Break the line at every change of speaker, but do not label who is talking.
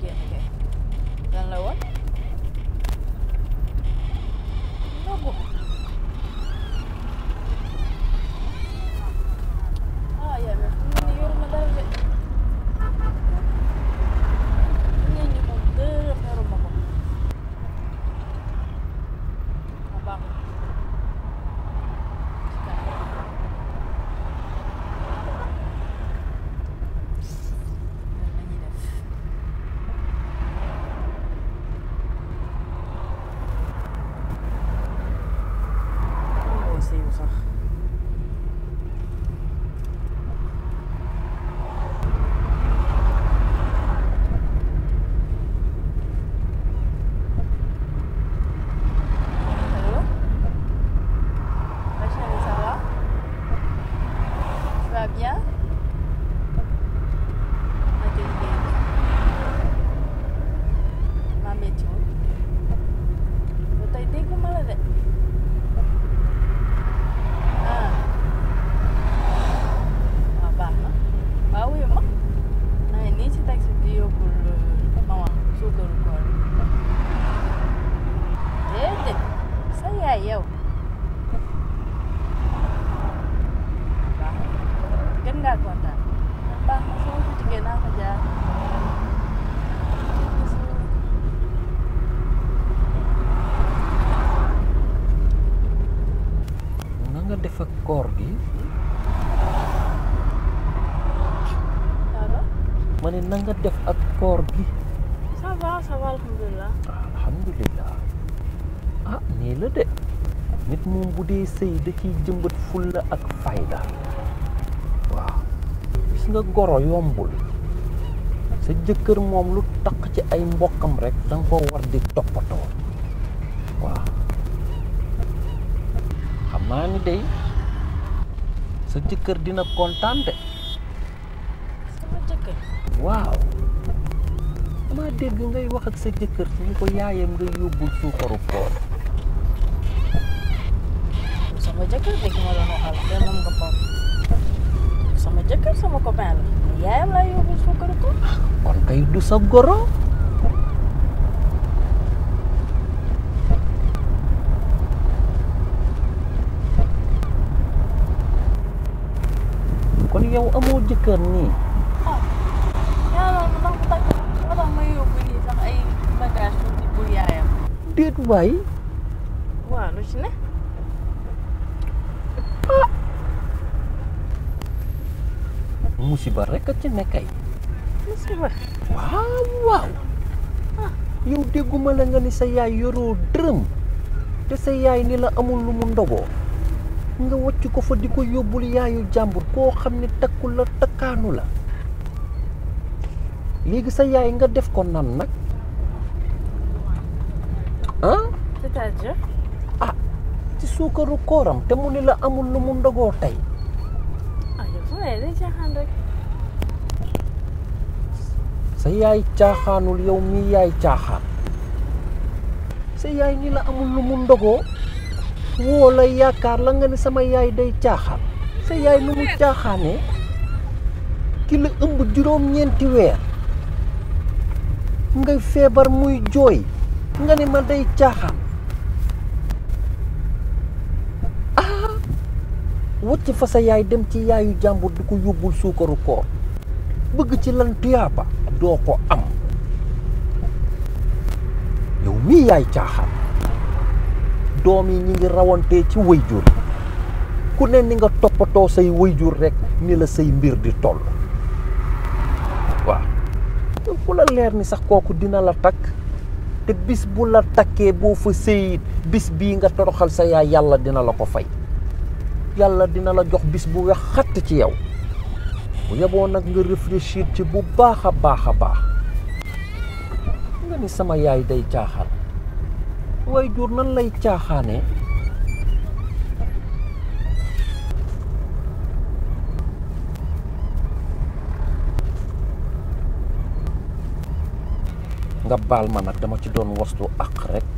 Türkiye. nggak kuota ah, def ak koor gi ma ne na def ak koor gi alhamdulilah ah nii la de nit moom bu dee sëy da ciy jëmbat fulla ak fayda gis nga goro yombul sa jëkkër moom lu taq ci ay mbokkam rek da ko war di toppatoo waaw xam naa ni day sa jëkkër dina kontaan de waaw maa dégg ngay wax ak sa jëkkër si ko yaayam nga yóbbul suukaru koor sama sama jëkkër sama copain la yaayam laa yóbbu ko kon kay du sa kon yow amoo jëkkër nii ah yàlla na ko takk nga tax may musiba rekk a ci nekkay. musiba waaw waaw. Ah. yow dégguma la nga ni sa yaay yoroo dërëm te sa yaay ni la amul lu mu ndogoo nga wàcc ko fa di ko yóbbul yaayu jàmbur koo xam ne takkul la takkaanu la léegi sa yaay nga def ko nan nag ah. ci suukaru kooram te mu ni la amul lu mu ndogoo tey. Ah, yaay caaxaanul yow mi yaay caaxaan sa yaay ni la amul lu mu ndogoo woo la yaakaar la nga ne sama yaay day caaxaan sa yaay nu mu caaxaanee ki la ëmb juróom-ñeenti weer ngay feebar muy jooy nga ne ma day caaxaan ah wacc fa sa yaay dem ci yaayu jàmbur di ko yóbbul suukaru koor bëgg ci lan tuyaaba doo ko am yow mii yaay caaxaan doom yi ñu ngi rawante ci wayjur ku ne ni nga toppatoo say wayjur rekk ni la say mbir di toll waaw ku la leer ni sax kooku dina la takk te bis bu la takkee boo fa sëyit bis bii nga toroxal sa yaay yàlla dina la ko fay yàlla dina la jox bis bu wex xatt ci yow bu yeboon nag nga réfléchir ci bu baax a baax a baax nga ni sama yaay day caaxaan waaye jur nan lay caaxaanee nga baal ma nag dama ci doon wastu ak rek